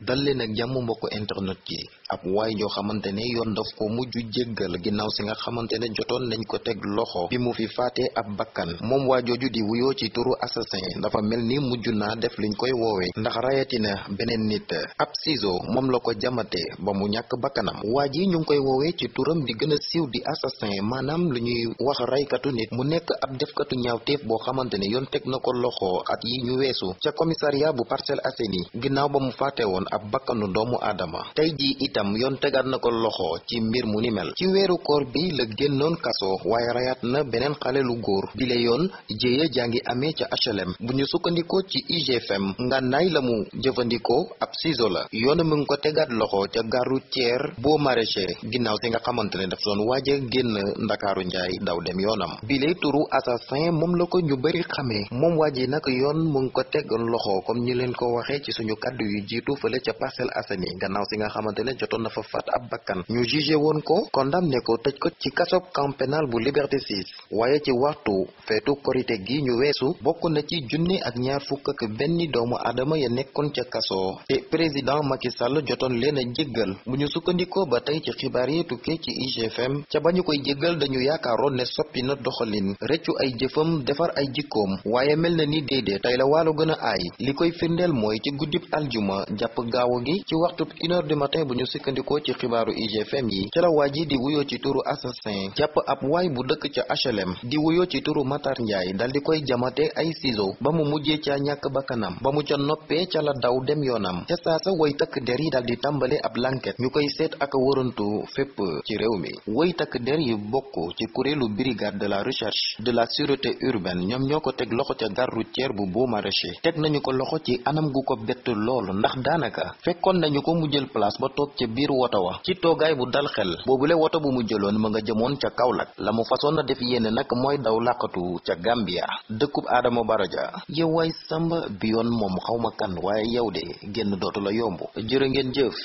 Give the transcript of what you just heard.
dallee nag jàmm mbokk internet yi ab waay joo xamante ne yoon daf ko mujj jéggal ginnaaw si nga xamante ne jotoon nañ ko teg loxo bi mu fi faatee ab bakkan moom waa jooju di wuyoo ci turu assassin dafa mel ni mujj naa def liñ koy woowee ndax rayatina beneen nit ab ciseau moom la ko jamate ba mu ñàkk bakkanam waa ji ñu ngi koy woowee ci turam di gën a siiw di assassin maanaam lu ñuy wax raykatu nit mu nekk ab defkatu ñaawteef boo xamante ne yoon teg na ko loxo at yi ñu weesu ca commissariat bu Parcelles Assainies ginnaaw ba mu faate woon ab bakkanu doomu aadama tey jii itam yoon tegaat na ko loxo ci mbir mu ni mel ci weeru koor bi la génnoon kaso waaye reyaat na beneen xale lu góor bi la yoon jéeya jaa ngi amee ca HLM bu ñu sukkandikoo ci IGFM ngànnaay la mu jëfandikoo ab ciseau la yoon mu ngi ko tegaat loxo ca garu ceer boo maraîcher ginnaaw si nga xamante ne daf doon waaje génn ndakaaru njaay daw dem yoonam bile turu assassin moom la ko ñu bari xamee moom waaji nag yoon mu ngi foofale ca Parcelles Assainies gannaaw si nga xamante ne jotoon na fa faat ab bakkan ñu jugé woon ko condamné ko tëj ko ci kasob camp pénal bu Liberté 6 waaye ci waxtu feetu korite gi ñu weesu bokk na ci junni ak ñaar fukk ak benn doomu aadama ya nekkoon ca kaso te président Macky Sall jotoon leen a jéggal bu ñu sukkandikoo ba tey ci xibaar yi tukkee ci IGFM ca ba ñu koy jéggal dañu yaakaaroon ne soppi na doxalin rëccu ay jëfam defar ay jikkoom waaye mel ni a gaawu gi ci waxtub une heure du matin bu ñu sikkandikoo ci xibaaru IGFM yi ca la waa ji di wuyoo ci turu assassin jàpp ab waay bu dëkk ca HLM di wuyoo ci turu Matar Ndiaye dal di koy jamate ay ciseaux ba mu mujjee ca ñàkk bakkanam ba mu ca noppee ca la daw dem yoonam ca saasa way takk der yi dal di tàmbale ab lanket ñu koy seet ak wërantu fépp ci réew mi woy takk der yi bokk ci kuréelu brigade de la recherche de la sûreté urbaine ñoom ñoo ko teg loxo ca gare routière bu Beaumarchais teg nañu ko loxo ci daanaka fekkoon nañu ko mu jël place ba toog ca biir woto wa ci toogaay bu dal xel boobule woto bu mu jëloon ma nga jëmoon ca Kaolack la mu façon a def yéene nag mooy daw làqatu ca Gambia dëkkub aadama Barrow ja yow waay Samba bi yoon moom xaw ma kan waaye yow de génn dootu la yomb jërë ngeen jëf